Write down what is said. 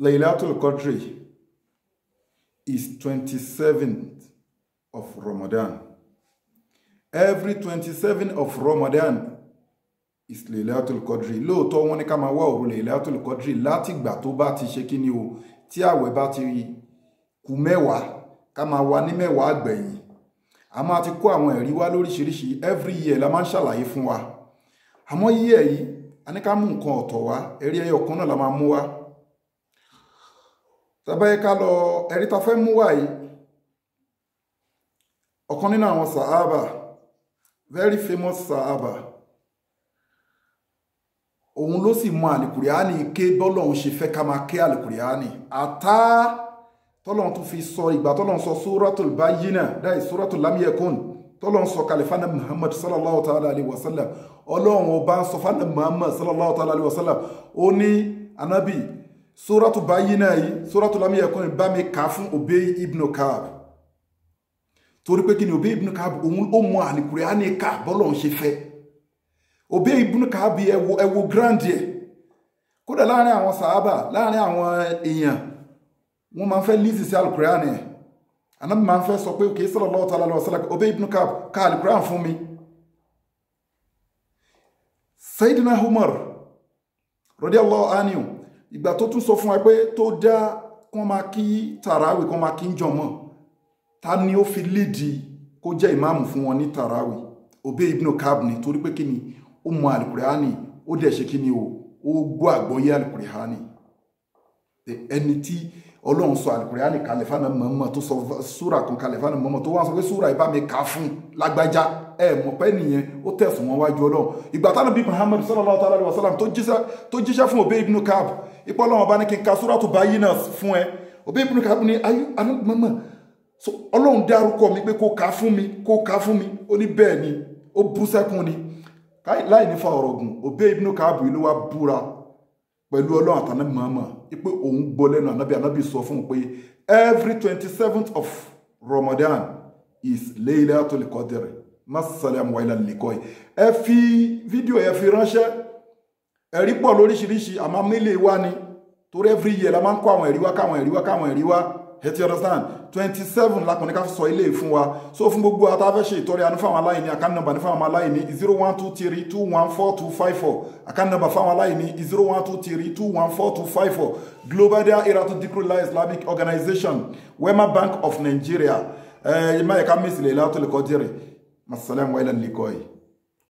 Laylatul Qadr is 27th of Ramadan. Every 27th of Ramadan is Laylatul Qadr. Lóòótọ́ wọ́n ní ká máa wá òru Laylatul Qadri láti ìgbà tó bá ti ṣe kí ni o tí àwẹ̀ bá ti kù mẹ́wàá ká máa wà ní mẹ́wàá àgbẹ̀yìn. A máa ti kó àwọn ẹ̀rí wá lóríṣiríṣi every year la máa ń ṣàlàyé fún wa. Àmọ́ yíyẹ̀ yìí, a ní ká mú nǹkan ọ̀tọ̀ wá, ẹ̀rí ẹyọ kan náà la máa mú wá tàbáyé ká lọ ẹ̀rí ta fẹ́ mú wá yìí ọ̀kan nínú àwọn sàhábà very famous sàhábà òun ló sì mọ àlìkùrìánì ké bọ́lọ́hún ṣe fẹ́ ká máa ké àlìkùrìánì àtá tọ́lọ́hún tún fi sọ ìgbà tọ́lọ́hún sọ suratul bayyina dáì suratul lam yakun tọ́lọ́hún sọ kalẹ̀ fana muhammad sallallahu ta'ala alayhi wa sallam ọlọ́hún ọba sọ fana muhammad sallallahu ta'ala alayhi wa sallam ó ní anabi suratu bayina yìí suratu lam yakun bá mi kà fún ibnu ibn tori torí pé kí ni Ubay ibn Ka'b òun ó mọ àlìkùránì ká bọ́lọ̀ ń ṣe fẹ́ grand ye kódà láàrin àwọn sàábà láàrin àwọn èèyàn wọ́n máa ń fẹ́ lísì sí àlìkùránì yẹn àná máa ń fẹ́ sọ pé kìí sallallahu ká fún mi ìgbà tó tún sọ fún wa pé tó dá kán máa kí tàràwì kán máa kí ń jọmọ́ ta ni ó fi léèdì kó jẹ́ ìmáàmù fún wọn ní tàràwì Ubay ibn Ka'b ni torí pé kí ni ó mọ àlùkùránì ó dẹ̀ ṣe kí ni o ó gbọ́ àgbọ́yé àlùkùránì ẹni tí ọlọ́run sọ àlùkùránì kalẹ̀ fáná tó sọ súrà kan kalẹ̀ fáná tó wá sọ pé súrà ìbá mi kà fún lágbájá ẹ mọ̀ pé nìyẹn ó tẹ̀sùn wọn wájú ọlọ́run ìgbà táwọn bíi Muhammad sallallahu alayhi wa sallam tó jíṣẹ́ fún Ubay ibn Ka'b ipò ọlọ́run ọba ní kí n ka sóràtù Bayyinah fún ẹ òbí ibùdó kàbù ní ayú anúgbọ́mọ̀ so ọlọ́run dárúkọ mi pé kó ka fún mi kó ka fún mi ó ní bẹ́ẹ̀ ni ó bú sẹ́kún ni láì ní fa ọ̀rọ̀ gùn òbí ibùdó kàbù ló wá búra pẹ̀lú ọlọ́run àtànábì mọ̀ọ́mọ̀ pé òun gbọ́ lẹ́nu ànábì ànábì sọ fún un pé every twenty seventh of Ramadan is Laylatul Qadr masalaam wa ilà lẹ́kọ̀ọ́ ẹ fi fídíò ẹ fi ránṣẹ́ ẹ̀rí pọ̀ lóríṣiríṣi àmọ́ mílè wa ni torí every year la máa ń kó àwọn ẹ̀rí wá káwọn ẹ̀rí wá káwọn ẹ̀rí wá ẹ ti understand twenty seven lakùnrin ká sọ ilé fún wa so fún gbogbo ata fẹ́ ṣe ìtọ́rẹ àánú fáwọn aláìní àkáǹtì nọ́mbà ní fáwọn aláìní zero one two three two one four two five four àkáǹtì nọ́mbà fáwọn aláìní zero one two three two one four two five four Global Dahiratu Dhikrlahi Islamic Organization Wema Bank of Nigeria ẹ̀ẹ́dẹ́gbẹ̀rún ká mísìlẹ̀ ìlà tó lè kọ́ jẹ́rẹ̀ masalẹ̀ ń wáyé lẹ́nu lè yìí.